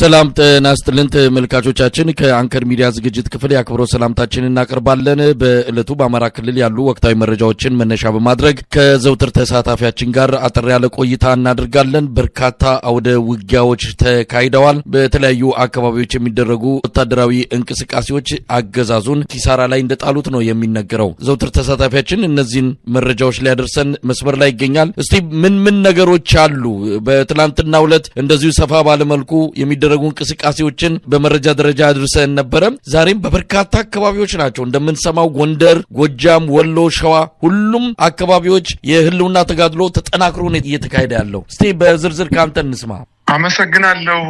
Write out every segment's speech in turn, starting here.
ሰላም ጤና ይስጥልን ተመልካቾቻችን፣ ከአንከር ሚዲያ ዝግጅት ክፍል የአክብሮ ሰላምታችን እናቀርባለን። በዕለቱ በአማራ ክልል ያሉ ወቅታዊ መረጃዎችን መነሻ በማድረግ ከዘውትር ተሳታፊያችን ጋር አጠር ያለ ቆይታ እናደርጋለን። በርካታ አውደ ውጊያዎች ተካሂደዋል። በተለያዩ አካባቢዎች የሚደረጉ ወታደራዊ እንቅስቃሴዎች አገዛዙን ኪሳራ ላይ እንደጣሉት ነው የሚነገረው። ዘውትር ተሳታፊያችን እነዚህን መረጃዎች ሊያደርሰን መስመር ላይ ይገኛል። እስቲ ምን ምን ነገሮች አሉ? በትናንትናው ዕለት እንደዚሁ ሰፋ ባለመልኩ የሚደ የሚደረጉ እንቅስቃሴዎችን በመረጃ ደረጃ አድርሰን ነበረ። ዛሬም በበርካታ አካባቢዎች ናቸው እንደምንሰማው ጎንደር፣ ጎጃም፣ ወሎ፣ ሸዋ ሁሉም አካባቢዎች የህልውና ተጋድሎ ተጠናክሮ እየተካሄደ ያለው። እስቲ በዝርዝር ከአንተ እንስማ። አመሰግናለሁ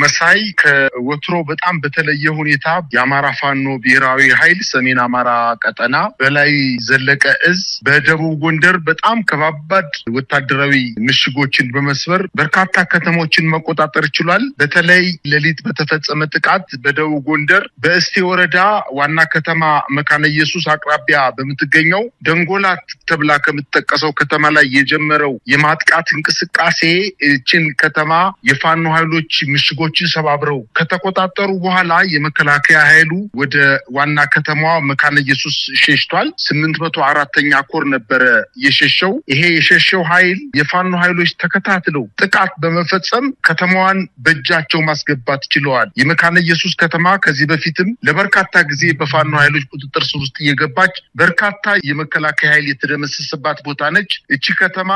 መሳይ። ከወትሮ በጣም በተለየ ሁኔታ የአማራ ፋኖ ብሔራዊ ኃይል ሰሜን አማራ ቀጠና በላይ ዘለቀ እዝ በደቡብ ጎንደር በጣም ከባባድ ወታደራዊ ምሽጎችን በመስበር በርካታ ከተሞችን መቆጣጠር ችሏል። በተለይ ሌሊት በተፈጸመ ጥቃት በደቡብ ጎንደር በእስቴ ወረዳ ዋና ከተማ መካነ ኢየሱስ አቅራቢያ በምትገኘው ደንጎላት ተብላ ከምትጠቀሰው ከተማ ላይ የጀመረው የማጥቃት እንቅስቃሴ እችን ከተማ የፋኖ ኃይሎች ምሽጎችን ሰባብረው ከተቆጣጠሩ በኋላ የመከላከያ ኃይሉ ወደ ዋና ከተማዋ መካነ ኢየሱስ ሸሽቷል። ስምንት መቶ አራተኛ ኮር ነበረ የሸሸው። ይሄ የሸሸው ኃይል የፋኖ ኃይሎች ተከታትለው ጥቃት በመፈጸም ከተማዋን በእጃቸው ማስገባት ችለዋል። የመካነ ኢየሱስ ከተማ ከዚህ በፊትም ለበርካታ ጊዜ በፋኖ ኃይሎች ቁጥጥር ስር ውስጥ እየገባች በርካታ የመከላከያ ኃይል የተደመሰሰባት ቦታ ነች። እቺ ከተማ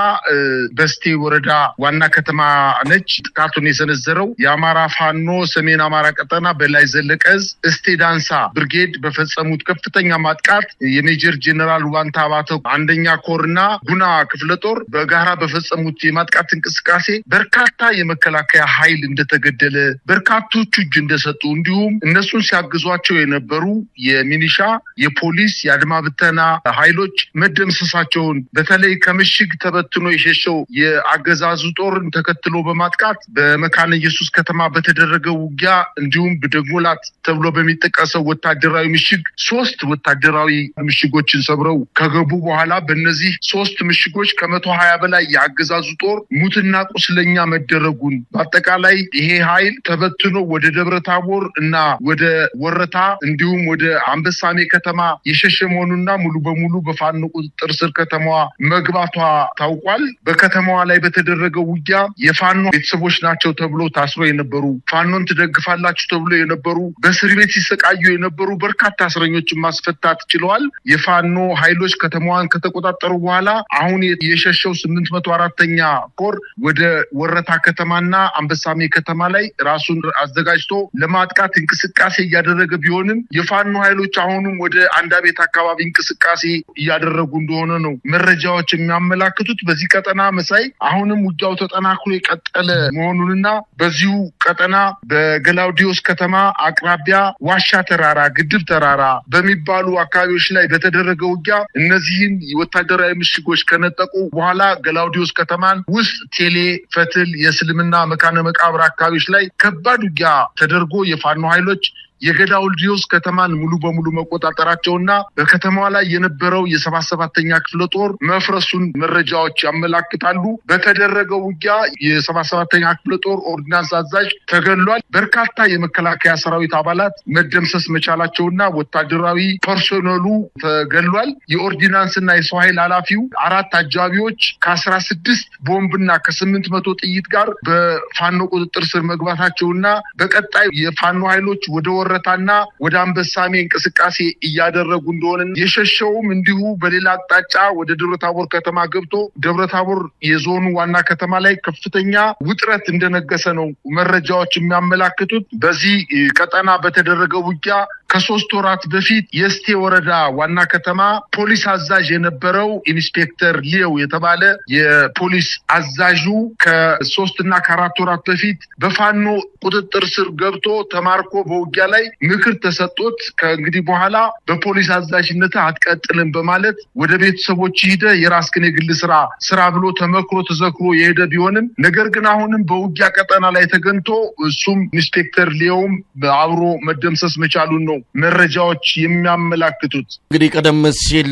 በስቴ ወረዳ ዋና ከተማ ነች። ጥቃቱን የሰነዘረው የአማራ ፋኖ ሰሜን አማራ ቀጠና በላይ ዘለቀዝ እስቴ ዳንሳ ብርጌድ በፈጸሙት ከፍተኛ ማጥቃት የሜጀር ጀነራል ዋንታ አባተ አንደኛ ኮርና ጉና ክፍለ ጦር በጋራ በፈጸሙት የማጥቃት እንቅስቃሴ በርካታ የመከላከያ ኃይል እንደተገደለ፣ በርካቶቹ እጅ እንደሰጡ እንዲሁም እነሱን ሲያግዟቸው የነበሩ የሚኒሻ፣ የፖሊስ፣ የአድማ ብተና ኃይሎች መደምሰሳቸውን በተለይ ከምሽግ ተበትኖ የሸሸው የአገዛዙ ጦርን ተከትሎ በማጥቃት ጥቃት በመካነ ኢየሱስ ከተማ በተደረገው ውጊያ እንዲሁም በደጎላት ተብሎ በሚጠቀሰው ወታደራዊ ምሽግ ሶስት ወታደራዊ ምሽጎችን ሰብረው ከገቡ በኋላ በእነዚህ ሶስት ምሽጎች ከመቶ ሀያ በላይ የአገዛዙ ጦር ሙትና ቁስለኛ መደረጉን በአጠቃላይ ይሄ ኃይል ተበትኖ ወደ ደብረ ታቦር እና ወደ ወረታ እንዲሁም ወደ አንበሳሜ ከተማ የሸሸ መሆኑና ሙሉ በሙሉ በፋኖ ቁጥጥር ስር ከተማዋ መግባቷ ታውቋል። በከተማዋ ላይ በተደረገው ውጊያ የፋኖ ቤተሰ ግለሰቦች ናቸው ተብሎ ታስሮ የነበሩ ፋኖን ትደግፋላችሁ ተብሎ የነበሩ በእስር ቤት ሲሰቃዩ የነበሩ በርካታ እስረኞችን ማስፈታት ችለዋል። የፋኖ ኃይሎች ከተማዋን ከተቆጣጠሩ በኋላ አሁን የሸሸው ስምንት መቶ አራተኛ ኮር ወደ ወረታ ከተማና አንበሳሜ ከተማ ላይ ራሱን አዘጋጅቶ ለማጥቃት እንቅስቃሴ እያደረገ ቢሆንም የፋኖ ኃይሎች አሁንም ወደ አንዳ ቤት አካባቢ እንቅስቃሴ እያደረጉ እንደሆነ ነው መረጃዎች የሚያመላክቱት። በዚህ ቀጠና መሳይ አሁንም ውጊያው ተጠናክሮ የቀጠለ መሆኑንና በዚሁ ቀጠና በገላውዲዮስ ከተማ አቅራቢያ ዋሻ ተራራ፣ ግድብ ተራራ በሚባሉ አካባቢዎች ላይ በተደረገ ውጊያ እነዚህን ወታደራዊ ምሽጎች ከነጠቁ በኋላ ገላውዲዮስ ከተማን ውስጥ ቴሌ፣ ፈትል፣ የእስልምና መካነ መቃብር አካባቢዎች ላይ ከባድ ውጊያ ተደርጎ የፋኖ ኃይሎች የገዳውልዲዮስ ከተማን ሙሉ በሙሉ መቆጣጠራቸውና በከተማዋ ላይ የነበረው የሰባ ሰባተኛ ክፍለ ጦር መፍረሱን መረጃዎች ያመላክታሉ። በተደረገው ውጊያ የሰባ ሰባተኛ ክፍለ ጦር ኦርዲናንስ አዛዥ ተገሏል። በርካታ የመከላከያ ሰራዊት አባላት መደምሰስ መቻላቸውና ወታደራዊ ፐርሶነሉ ተገሏል። የኦርዲናንስና የሰው ኃይል ኃላፊው አራት አጃቢዎች ከአስራ ስድስት ቦምብና ከስምንት መቶ ጥይት ጋር በፋኖ ቁጥጥር ስር መግባታቸውና በቀጣይ የፋኖ ኃይሎች ወደ ወረ ኮረታና ወደ አንበሳሜ እንቅስቃሴ እያደረጉ እንደሆነ የሸሸውም እንዲሁ በሌላ አቅጣጫ ወደ ደብረታቦር ከተማ ገብቶ ደብረታቦር የዞኑ ዋና ከተማ ላይ ከፍተኛ ውጥረት እንደነገሰ ነው መረጃዎች የሚያመላክቱት። በዚህ ቀጠና በተደረገ ውጊያ ከሶስት ወራት በፊት የስቴ ወረዳ ዋና ከተማ ፖሊስ አዛዥ የነበረው ኢንስፔክተር ሊየው የተባለ የፖሊስ አዛዡ ከሶስትና ከአራት ወራት በፊት በፋኖ ቁጥጥር ስር ገብቶ ተማርኮ በውጊያ ላይ ላይ ምክር ተሰጦት ከእንግዲህ በኋላ በፖሊስ አዛዥነት አትቀጥልም በማለት ወደ ቤተሰቦች ሂደ የራስክን የግል ስራ ስራ ብሎ ተመክሮ ተዘክሮ የሄደ ቢሆንም ነገር ግን አሁንም በውጊያ ቀጠና ላይ ተገንቶ እሱም ኢንስፔክተር ሊየውም አብሮ መደምሰስ መቻሉን ነው መረጃዎች የሚያመላክቱት። እንግዲህ ቀደም ሲል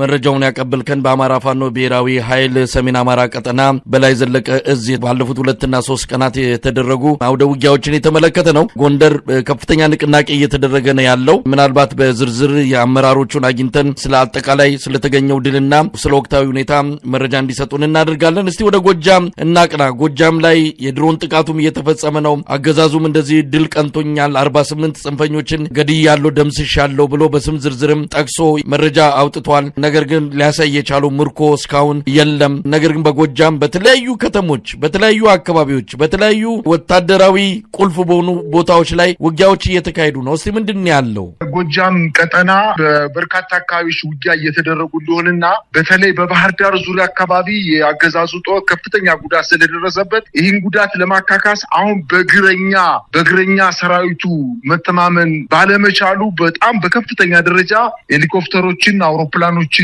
መረጃውን ያቀብልከን በአማራ ፋኖ ብሔራዊ ኃይል ሰሜን አማራ ቀጠና በላይ ዘለቀ እዝ ባለፉት ሁለትና ሶስት ቀናት የተደረጉ አውደ ውጊያዎችን የተመለከተ ነው። ጎንደር ከፍተኛ ንቅናቄ እየተደረገ ነው ያለው። ምናልባት በዝርዝር የአመራሮቹን አግኝተን ስለ አጠቃላይ ስለተገኘው ድልና ስለ ወቅታዊ ሁኔታ መረጃ እንዲሰጡን እናደርጋለን። እስቲ ወደ ጎጃም እናቅና። ጎጃም ላይ የድሮን ጥቃቱም እየተፈጸመ ነው። አገዛዙም እንደዚህ ድል ቀንቶኛል፣ አርባ ስምንት ጽንፈኞችን ገድያለሁ፣ ደምስሻለሁ ብሎ በስም ዝርዝርም ጠቅሶ መረጃ አውጥቷል። ነገር ግን ሊያሳይ የቻሉ ምርኮ እስካሁን የለም። ነገር ግን በጎጃም በተለያዩ ከተሞች፣ በተለያዩ አካባቢዎች፣ በተለያዩ ወታደራዊ ቁልፍ በሆኑ ቦታዎች ላይ ውጊያዎች እየተ እየተካሄዱ ነው። እስቲ ምንድን ያለው? ጎጃም ቀጠና በበርካታ አካባቢዎች ውጊያ እየተደረጉ እንደሆነና በተለይ በባህር ዳር ዙሪያ አካባቢ የአገዛዙ ጦር ከፍተኛ ጉዳት ስለደረሰበት ይህን ጉዳት ለማካካስ አሁን በእግረኛ በእግረኛ ሰራዊቱ መተማመን ባለመቻሉ በጣም በከፍተኛ ደረጃ ሄሊኮፕተሮችን፣ አውሮፕላኖችን፣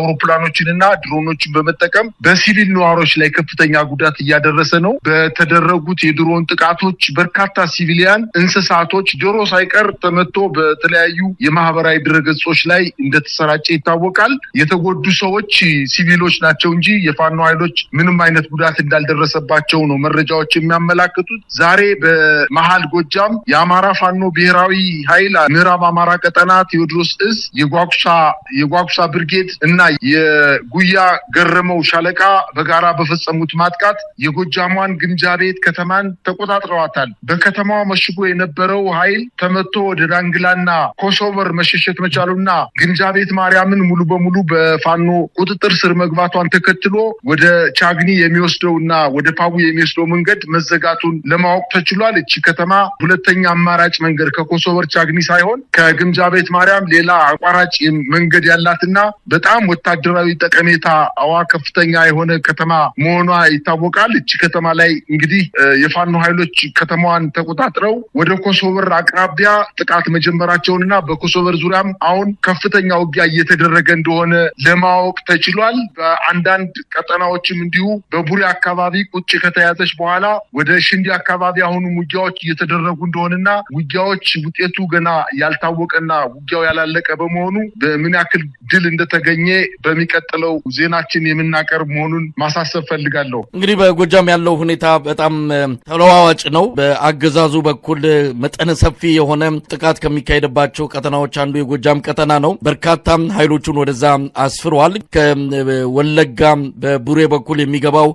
አውሮፕላኖችን እና ድሮኖችን በመጠቀም በሲቪል ነዋሪዎች ላይ ከፍተኛ ጉዳት እያደረሰ ነው። በተደረጉት የድሮን ጥቃቶች በርካታ ሲቪሊያን እንስሳቶች፣ ዶሮ ሳይቀር ተመቶ በተለያዩ የማህበራዊ ድረገጾች ላይ እንደተሰራጨ ይታወቃል። የተጎዱ ሰዎች ሲቪሎች ናቸው እንጂ የፋኖ ኃይሎች ምንም አይነት ጉዳት እንዳልደረሰባቸው ነው መረጃዎች የሚያመላክቱት። ዛሬ በመሀል ጎጃም የአማራ ፋኖ ብሔራዊ ኃይል ምዕራብ አማራ ቀጠና ቴዎድሮስ እዝ የጓጉሳ ብርጌድ እና የጉያ ገረመው ሻለቃ በጋራ በፈጸሙት ማጥቃት የጎጃሟን ግምጃ ቤት ከተማን ተቆጣጥረዋታል። በከተማዋ መሽጎ የነበረው ኃይል ተመቶ ወደ ዳንግላና ኮሶቨር መሸሸት መቻሉና ግንጃ ቤት ማርያምን ሙሉ በሙሉ በፋኖ ቁጥጥር ስር መግባቷን ተከትሎ ወደ ቻግኒ የሚወስደውና ወደ ፓቡ የሚወስደው መንገድ መዘጋቱን ለማወቅ ተችሏል። እቺ ከተማ ሁለተኛ አማራጭ መንገድ ከኮሶቨር ቻግኒ ሳይሆን ከግምጃ ቤት ማርያም ሌላ አቋራጭ መንገድ ያላትና በጣም ወታደራዊ አዋ ከፍተኛ የሆነ ከተማ መሆኗ ይታወቃል። እቺ ከተማ ላይ እንግዲህ የፋኖ ኃይሎች ከተማዋን ተቆጣጥረው ወደ ኮሶቨር አቅራ ሳቢያ ጥቃት መጀመራቸውንና በኮሶቨር ዙሪያም አሁን ከፍተኛ ውጊያ እየተደረገ እንደሆነ ለማወቅ ተችሏል። በአንዳንድ ቀጠናዎችም እንዲሁ በቡሬ አካባቢ ቁጭ ከተያዘች በኋላ ወደ ሽንዲ አካባቢ አሁኑ ውጊያዎች እየተደረጉ እንደሆነና ውጊያዎች ውጤቱ ገና ያልታወቀና ውጊያው ያላለቀ በመሆኑ በምን ያክል ድል እንደተገኘ በሚቀጥለው ዜናችን የምናቀርብ መሆኑን ማሳሰብ ፈልጋለሁ። እንግዲህ በጎጃም ያለው ሁኔታ በጣም ተለዋዋጭ ነው። በአገዛዙ በኩል መጠነ ሰፊ የሆነ ጥቃት ከሚካሄድባቸው ቀጠናዎች አንዱ የጎጃም ቀጠና ነው። በርካታ ኃይሎቹን ወደዛ አስፍረዋል። ከወለጋ በቡሬ በኩል የሚገባው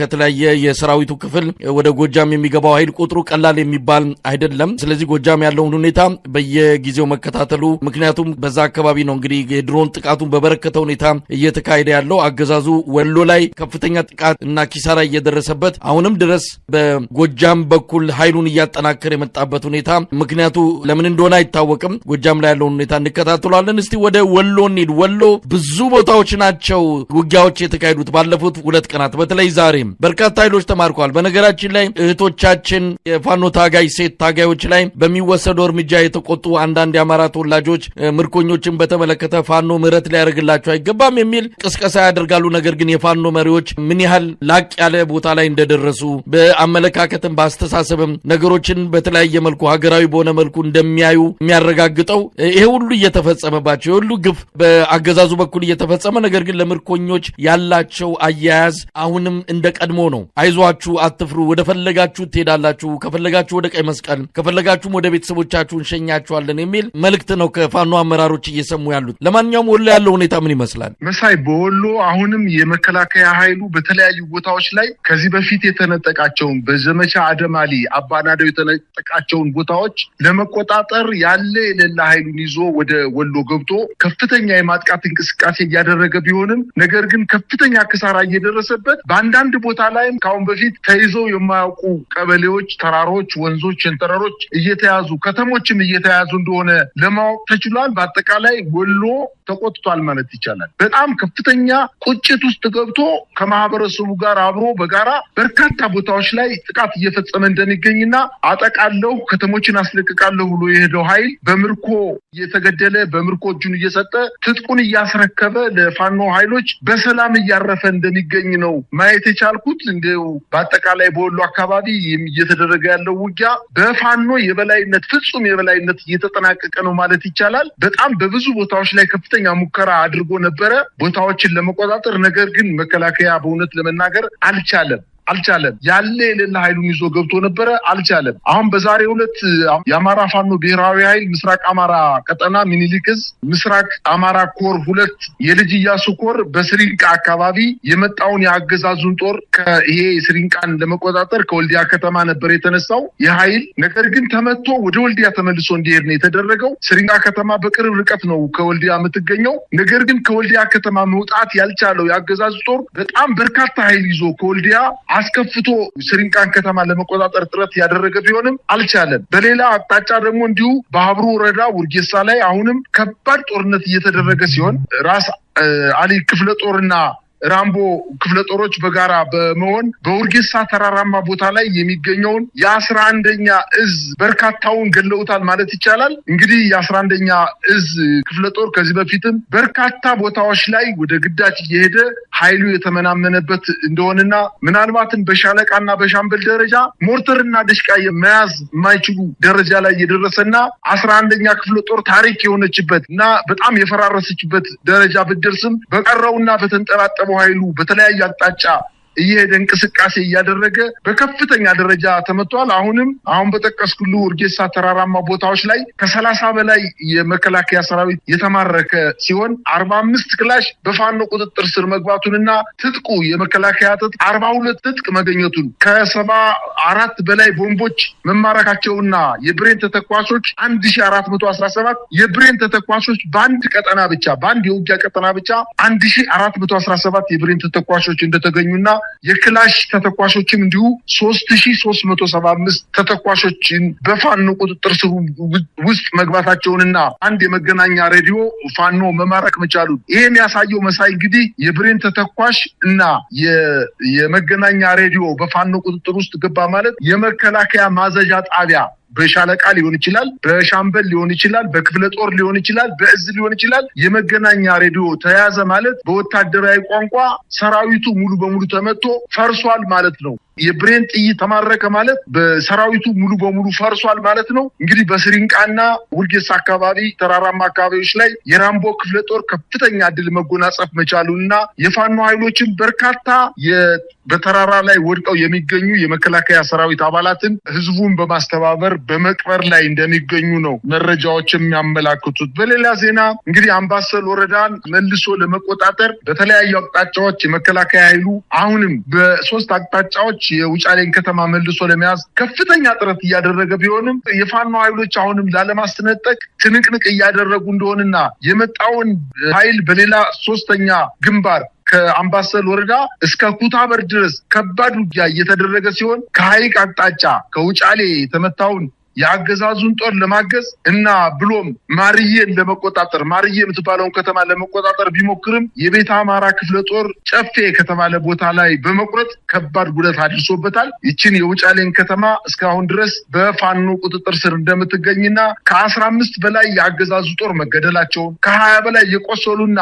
ከተለያየ የሰራዊቱ ክፍል ወደ ጎጃም የሚገባው ኃይል ቁጥሩ ቀላል የሚባል አይደለም። ስለዚህ ጎጃም ያለውን ሁኔታ በየጊዜው መከታተሉ ምክንያቱም በዛ አካባቢ ነው እንግዲህ የድሮን ጥቃቱን በበረከተ ሁኔታ እየተካሄደ ያለው። አገዛዙ ወሎ ላይ ከፍተኛ ጥቃት እና ኪሳራ እየደረሰበት አሁንም ድረስ በጎጃም በኩል ኃይሉን እያጠናከረ የመጣበት ሁኔታ ምክንያቱ ለምን እንደሆነ አይታወቅም። ጎጃም ላይ ያለውን ሁኔታ እንከታተሏለን። እስቲ ወደ ወሎ እንሂድ። ወሎ ብዙ ቦታዎች ናቸው ውጊያዎች የተካሄዱት ባለፉት ሁለት ቀናት፣ በተለይ ዛሬም በርካታ ኃይሎች ተማርከዋል። በነገራችን ላይ እህቶቻችን የፋኖ ታጋይ ሴት ታጋዮች ላይ በሚወሰደው እርምጃ የተቆጡ አንዳንድ የአማራ ተወላጆች ምርኮኞችን በተመለከተ ፋኖ ምህረት ሊያደርግላቸው አይገባም የሚል ቅስቀሳ ያደርጋሉ። ነገር ግን የፋኖ መሪዎች ምን ያህል ላቅ ያለ ቦታ ላይ እንደደረሱ በአመለካከትም በአስተሳሰብም ነገሮችን በተለያየ መልኩ ሀገር ብሔራዊ በሆነ መልኩ እንደሚያዩ የሚያረጋግጠው ይሄ ሁሉ እየተፈጸመባቸው የሁሉ ግፍ በአገዛዙ በኩል እየተፈጸመ ነገር ግን ለምርኮኞች ያላቸው አያያዝ አሁንም እንደ ቀድሞ ነው። አይዟችሁ፣ አትፍሩ፣ ወደ ፈለጋችሁ ትሄዳላችሁ፣ ከፈለጋችሁ ወደ ቀይ መስቀል፣ ከፈለጋችሁም ወደ ቤተሰቦቻችሁ እንሸኛችኋለን የሚል መልእክት ነው ከፋኖ አመራሮች እየሰሙ ያሉት። ለማንኛውም ወሎ ያለው ሁኔታ ምን ይመስላል? መሳይ፣ በወሎ አሁንም የመከላከያ ኃይሉ በተለያዩ ቦታዎች ላይ ከዚህ በፊት የተነጠቃቸውን በዘመቻ አደማሊ አባናደው የተነጠቃቸውን ቦታዎች ሚሊሻዎች ለመቆጣጠር ያለ የሌላ ኃይሉን ይዞ ወደ ወሎ ገብቶ ከፍተኛ የማጥቃት እንቅስቃሴ እያደረገ ቢሆንም ነገር ግን ከፍተኛ ክሳራ እየደረሰበት በአንዳንድ ቦታ ላይም ከአሁን በፊት ተይዘው የማያውቁ ቀበሌዎች፣ ተራሮች፣ ወንዞች፣ ሸንተረሮች እየተያዙ ከተሞችም እየተያዙ እንደሆነ ለማወቅ ተችሏል። በአጠቃላይ ወሎ ተቆጥቷል ማለት ይቻላል። በጣም ከፍተኛ ቁጭት ውስጥ ገብቶ ከማህበረሰቡ ጋር አብሮ በጋራ በርካታ ቦታዎች ላይ ጥቃት እየፈጸመ እንደሚገኝና አጠቃለው ከተሞችን እጆችን አስለቅቃለሁ ብሎ የሄደው ኃይል በምርኮ እየተገደለ በምርኮ እጁን እየሰጠ ትጥቁን እያስረከበ ለፋኖ ኃይሎች በሰላም እያረፈ እንደሚገኝ ነው ማየት የቻልኩት። እንዲው በአጠቃላይ በወሎ አካባቢ እየተደረገ ያለው ውጊያ በፋኖ የበላይነት ፍጹም የበላይነት እየተጠናቀቀ ነው ማለት ይቻላል። በጣም በብዙ ቦታዎች ላይ ከፍተኛ ሙከራ አድርጎ ነበረ ቦታዎችን ለመቆጣጠር። ነገር ግን መከላከያ በእውነት ለመናገር አልቻለም። አልቻለም። ያለ የሌለ ኃይሉን ይዞ ገብቶ ነበረ፣ አልቻለም። አሁን በዛሬ ሁለት የአማራ ፋኖ ብሔራዊ ኃይል ምስራቅ አማራ ቀጠና ሚኒሊክ እዝ ምስራቅ አማራ ኮር ሁለት የልጅ እያሱ ኮር በስሪንቃ አካባቢ የመጣውን የአገዛዙን ጦር ይሄ ስሪንቃን ለመቆጣጠር ከወልዲያ ከተማ ነበር የተነሳው የኃይል ነገር ግን ተመቶ ወደ ወልዲያ ተመልሶ እንዲሄድ ነው የተደረገው። ስሪንቃ ከተማ በቅርብ ርቀት ነው ከወልዲያ የምትገኘው። ነገር ግን ከወልዲያ ከተማ መውጣት ያልቻለው የአገዛዙ ጦር በጣም በርካታ ኃይል ይዞ ከወልዲያ አስከፍቶ ስሪንቃን ከተማ ለመቆጣጠር ጥረት ያደረገ ቢሆንም አልቻለም። በሌላ አቅጣጫ ደግሞ እንዲሁ በሀብሩ ወረዳ ውርጌሳ ላይ አሁንም ከባድ ጦርነት እየተደረገ ሲሆን ራስ አሊ ክፍለ ጦርና ራምቦ ክፍለ ጦሮች በጋራ በመሆን በውርጌሳ ተራራማ ቦታ ላይ የሚገኘውን የአስራ አንደኛ እዝ በርካታውን ገለውታል ማለት ይቻላል። እንግዲህ የአስራ አንደኛ እዝ ክፍለ ጦር ከዚህ በፊትም በርካታ ቦታዎች ላይ ወደ ግዳጅ እየሄደ ኃይሉ የተመናመነበት እንደሆነና ምናልባትም በሻለቃና በሻምበል ደረጃ ሞርተርና ደሽቃ መያዝ የማይችሉ ደረጃ ላይ የደረሰና አስራ አንደኛ ክፍለ ጦር ታሪክ የሆነችበት እና በጣም የፈራረሰችበት ደረጃ ብደርስም በቀረውና በተንጠላጠበው ኃይሉ በተለያየ አቅጣጫ እየሄደ እንቅስቃሴ እያደረገ በከፍተኛ ደረጃ ተመቷል። አሁንም አሁን በጠቀስኩሉ እርጌሳ ተራራማ ቦታዎች ላይ ከሰላሳ በላይ የመከላከያ ሰራዊት የተማረከ ሲሆን አርባ አምስት ክላሽ በፋኖ ቁጥጥር ስር መግባቱንና ትጥቁ የመከላከያ ትጥቅ አርባ ሁለት ትጥቅ መገኘቱን ከሰባ አራት በላይ ቦምቦች መማረካቸውና የብሬን ተተኳሾች አንድ ሺ አራት መቶ አስራ ሰባት የብሬን ተተኳሾች በአንድ ቀጠና ብቻ በአንድ የውጊያ ቀጠና ብቻ አንድ ሺ አራት መቶ አስራ ሰባት የብሬን ተተኳሾች እንደተገኙና የክላሽ ተተኳሾችም እንዲሁ ሶስት ሺ ሶስት መቶ ሰባ አምስት ተተኳሾችን በፋኖ ቁጥጥር ስሩ ውስጥ መግባታቸውንና አንድ የመገናኛ ሬዲዮ ፋኖ መማረክ መቻሉ ይሄ የሚያሳየው መሳይ እንግዲህ የብሬን ተተኳሽ እና የመገናኛ ሬዲዮ በፋኖ ቁጥጥር ውስጥ ገባ ማለት የመከላከያ ማዘዣ ጣቢያ በሻለቃ ሊሆን ይችላል፣ በሻምበል ሊሆን ይችላል፣ በክፍለ ጦር ሊሆን ይችላል፣ በእዝ ሊሆን ይችላል። የመገናኛ ሬዲዮ ተያዘ ማለት በወታደራዊ ቋንቋ ሰራዊቱ ሙሉ በሙሉ ተመቶ ፈርሷል ማለት ነው። የብሬን ጥይት ተማረከ ማለት በሰራዊቱ ሙሉ በሙሉ ፈርሷል ማለት ነው። እንግዲህ በስሪንቃና ውርጌሳ አካባቢ ተራራማ አካባቢዎች ላይ የራምቦ ክፍለ ጦር ከፍተኛ ድል መጎናጸፍ መቻሉ እና የፋኖ ኃይሎችን በርካታ በተራራ ላይ ወድቀው የሚገኙ የመከላከያ ሰራዊት አባላትን ህዝቡን በማስተባበር በመቅበር ላይ እንደሚገኙ ነው መረጃዎች የሚያመላክቱት። በሌላ ዜና እንግዲህ አምባሰል ወረዳን መልሶ ለመቆጣጠር በተለያዩ አቅጣጫዎች የመከላከያ ኃይሉ አሁንም በሶስት አቅጣጫዎች የውጫሌን ከተማ መልሶ ለመያዝ ከፍተኛ ጥረት እያደረገ ቢሆንም የፋኖ ኃይሎች አሁንም ላለማስነጠቅ ትንቅንቅ እያደረጉ እንደሆነና የመጣውን ኃይል በሌላ ሶስተኛ ግንባር ከአምባሰል ወረዳ እስከ ኩታበር ድረስ ከባድ ውጊያ እየተደረገ ሲሆን ከሀይቅ አቅጣጫ ከውጫሌ የተመታውን የአገዛዙን ጦር ለማገዝ እና ብሎም ማርዬን ለመቆጣጠር ማርዬ የምትባለውን ከተማ ለመቆጣጠር ቢሞክርም የቤተ አማራ ክፍለ ጦር ጨፌ ከተባለ ቦታ ላይ በመቁረጥ ከባድ ጉዳት አድርሶበታል። ይችን የውጫሌን ከተማ እስካሁን ድረስ በፋኖ ቁጥጥር ስር እንደምትገኝና ከአስራ አምስት በላይ የአገዛዙ ጦር መገደላቸውን ከሀያ በላይ የቆሰሉና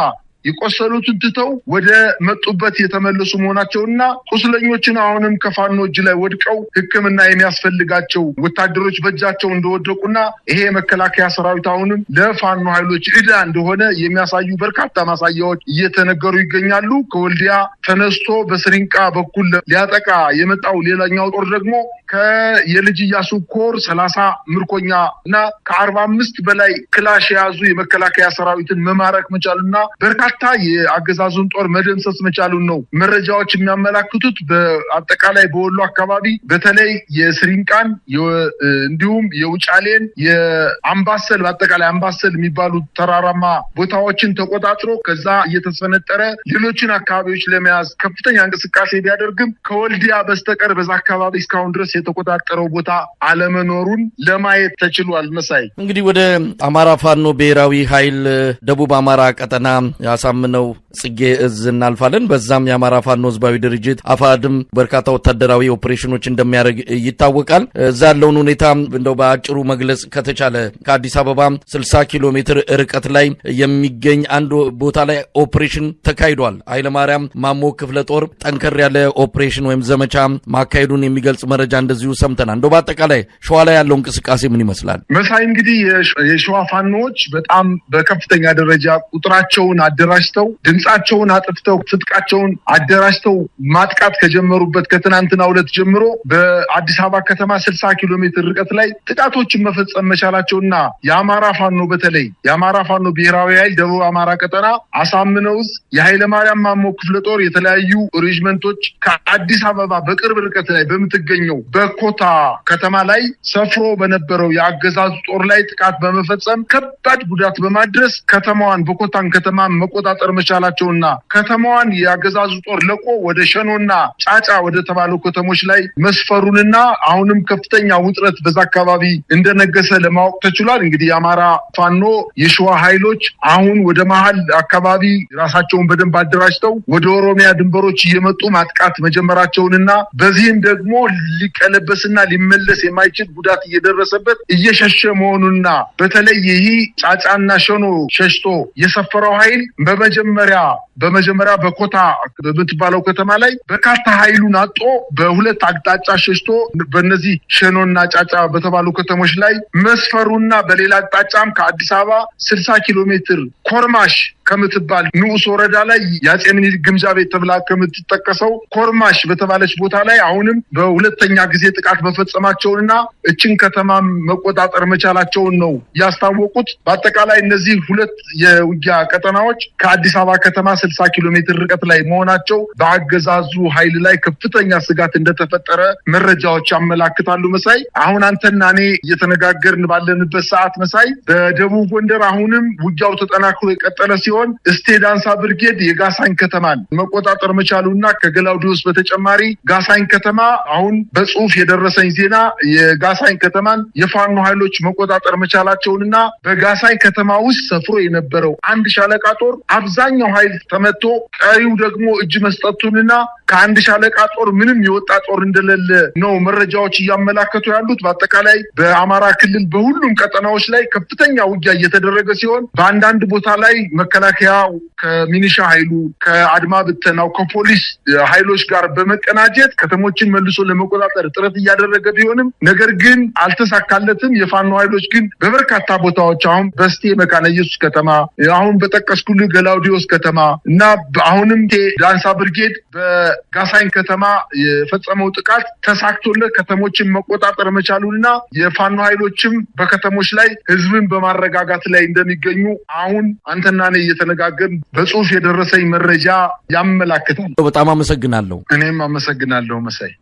የቆሰሉትን ትተው ወደ መጡበት የተመለሱ መሆናቸውና ቁስለኞችን አሁንም ከፋኖ እጅ ላይ ወድቀው ሕክምና የሚያስፈልጋቸው ወታደሮች በእጃቸው እንደወደቁና ይሄ የመከላከያ ሰራዊት አሁንም ለፋኖ ኃይሎች ዕዳ እንደሆነ የሚያሳዩ በርካታ ማሳያዎች እየተነገሩ ይገኛሉ። ከወልዲያ ተነስቶ በስሪንቃ በኩል ሊያጠቃ የመጣው ሌላኛው ጦር ደግሞ ከየልጅ እያሱ ኮር ሰላሳ ምርኮኛ እና ከአርባ አምስት በላይ ክላሽ የያዙ የመከላከያ ሰራዊትን መማረክ መቻሉና በርካታ በርካታ የአገዛዙን ጦር መደምሰስ መቻሉን ነው መረጃዎች የሚያመላክቱት። በአጠቃላይ በወሎ አካባቢ በተለይ የስሪንቃን እንዲሁም የውጫሌን የአምባሰል በአጠቃላይ አምባሰል የሚባሉ ተራራማ ቦታዎችን ተቆጣጥሮ ከዛ እየተሰነጠረ ሌሎችን አካባቢዎች ለመያዝ ከፍተኛ እንቅስቃሴ ቢያደርግም ከወልዲያ በስተቀር በዛ አካባቢ እስካሁን ድረስ የተቆጣጠረው ቦታ አለመኖሩን ለማየት ተችሏል። መሳይ እንግዲህ ወደ አማራ ፋኖ ብሔራዊ ኃይል ደቡብ አማራ ቀጠና ወዳሳምነው ጽጌ እዝ እናልፋለን። በዛም የአማራ ፋኖ ህዝባዊ ድርጅት አፋድም በርካታ ወታደራዊ ኦፕሬሽኖች እንደሚያደርግ ይታወቃል። እዛ ያለውን ሁኔታ እንደው በአጭሩ መግለጽ ከተቻለ ከአዲስ አበባ 60 ኪሎ ሜትር ርቀት ላይ የሚገኝ አንድ ቦታ ላይ ኦፕሬሽን ተካሂዷል። ኃይለማርያም ማሞ ክፍለ ጦር ጠንከር ያለ ኦፕሬሽን ወይም ዘመቻ ማካሄዱን የሚገልጽ መረጃ እንደዚሁ ሰምተናል። እንደው በአጠቃላይ ሸዋ ላይ ያለው እንቅስቃሴ ምን ይመስላል? መሳይ እንግዲህ የሸዋ ፋኖዎች በጣም በከፍተኛ ደረጃ ቁጥራቸውን አደራ አደራጅተው ድምፃቸውን አጥፍተው ትጥቃቸውን አደራጅተው ማጥቃት ከጀመሩበት ከትናንትና ሁለት ጀምሮ በአዲስ አበባ ከተማ ስልሳ ኪሎ ሜትር ርቀት ላይ ጥቃቶችን መፈጸም መቻላቸውና የአማራ ፋኖ በተለይ የአማራ ፋኖ ብሔራዊ ኃይል ደቡብ አማራ ቀጠና አሳምነውዝ ማርያም ማሞ ክፍለ ጦር የተለያዩ ሬጅመንቶች ከአዲስ አበባ በቅርብ ርቀት ላይ በምትገኘው በኮታ ከተማ ላይ ሰፍሮ በነበረው የአገዛዙ ጦር ላይ ጥቃት በመፈጸም ከባድ ጉዳት በማድረስ ከተማዋን በኮታን ከተማ መቆ መቆጣጠር መቻላቸውና ከተማዋን የአገዛዙ ጦር ለቆ ወደ ሸኖና ጫጫ ወደ ተባሉ ከተሞች ላይ መስፈሩንና አሁንም ከፍተኛ ውጥረት በዛ አካባቢ እንደነገሰ ለማወቅ ተችሏል። እንግዲህ የአማራ ፋኖ የሸዋ ኃይሎች አሁን ወደ መሀል አካባቢ ራሳቸውን በደንብ አደራጅተው ወደ ኦሮሚያ ድንበሮች እየመጡ ማጥቃት መጀመራቸውንና በዚህም ደግሞ ሊቀለበስና ሊመለስ የማይችል ጉዳት እየደረሰበት እየሸሸ መሆኑና በተለይ ይህ ጫጫና ሸኖ ሸሽቶ የሰፈረው ኃይል በመጀመሪያ በመጀመሪያ በኮታ በምትባለው ከተማ ላይ በርካታ ኃይሉን አጦ በሁለት አቅጣጫ ሸሽቶ በነዚህ ሸኖና ጫጫ በተባሉ ከተሞች ላይ መስፈሩና በሌላ አቅጣጫም ከአዲስ አበባ ስልሳ ኪሎ ሜትር ኮርማሽ ከምትባል ንዑስ ወረዳ ላይ የአጼ ምኒልክ ግምጃ ቤት ተብላ ከምትጠቀሰው ኮርማሽ በተባለች ቦታ ላይ አሁንም በሁለተኛ ጊዜ ጥቃት መፈጸማቸውንና እችን ከተማ መቆጣጠር መቻላቸውን ነው ያስታወቁት። በአጠቃላይ እነዚህ ሁለት የውጊያ ቀጠናዎች ከአዲስ አበባ ከተማ ስልሳ ኪሎ ሜትር ርቀት ላይ መሆናቸው በአገዛዙ ኃይል ላይ ከፍተኛ ስጋት እንደተፈጠረ መረጃዎች ያመላክታሉ። መሳይ አሁን አንተና እኔ እየተነጋገርን ባለንበት ሰዓት መሳይ በደቡብ ጎንደር አሁንም ውጊያው ተጠናክሮ የቀጠለ ሲሆን እስቴ ዳንሳ ብርጌድ የጋሳኝ ከተማን መቆጣጠር መቻሉና ከገላውዲዮስ በተጨማሪ ጋሳኝ ከተማ አሁን በጽሁፍ የደረሰኝ ዜና የጋሳኝ ከተማን የፋኖ ኃይሎች መቆጣጠር መቻላቸውንና በጋሳኝ ከተማ ውስጥ ሰፍሮ የነበረው አንድ ሻለቃ ጦር አብዛኛው ኃይል ተመቶ ቀሪው ደግሞ እጅ መስጠቱንና ከአንድ ሻለቃ ጦር ምንም የወጣ ጦር እንደሌለ ነው መረጃዎች እያመላከቱ ያሉት። በአጠቃላይ በአማራ ክልል በሁሉም ቀጠናዎች ላይ ከፍተኛ ውጊያ እየተደረገ ሲሆን በአንዳንድ ቦታ ላይ መከላከያ ከሚኒሻ ኃይሉ ከአድማ ብተናው ከፖሊስ ኃይሎች ጋር በመቀናጀት ከተሞችን መልሶ ለመቆጣጠር ጥረት እያደረገ ቢሆንም ነገር ግን አልተሳካለትም። የፋኖ ኃይሎች ግን በበርካታ ቦታዎች አሁን በስቴ መካነ ኢየሱስ ከተማ፣ አሁን በጠቀስኩልህ ገላውዲዮስ ከተማ እና አሁንም ዳንሳ ብርጌድ ጋሳይን ከተማ የፈጸመው ጥቃት ተሳክቶለት ከተሞችን መቆጣጠር መቻሉና የፋኖ ኃይሎችም በከተሞች ላይ ህዝብን በማረጋጋት ላይ እንደሚገኙ አሁን አንተና እኔ እየተነጋገርን በጽሁፍ የደረሰኝ መረጃ ያመላክታል። በጣም አመሰግናለሁ። እኔም አመሰግናለሁ መሳይ።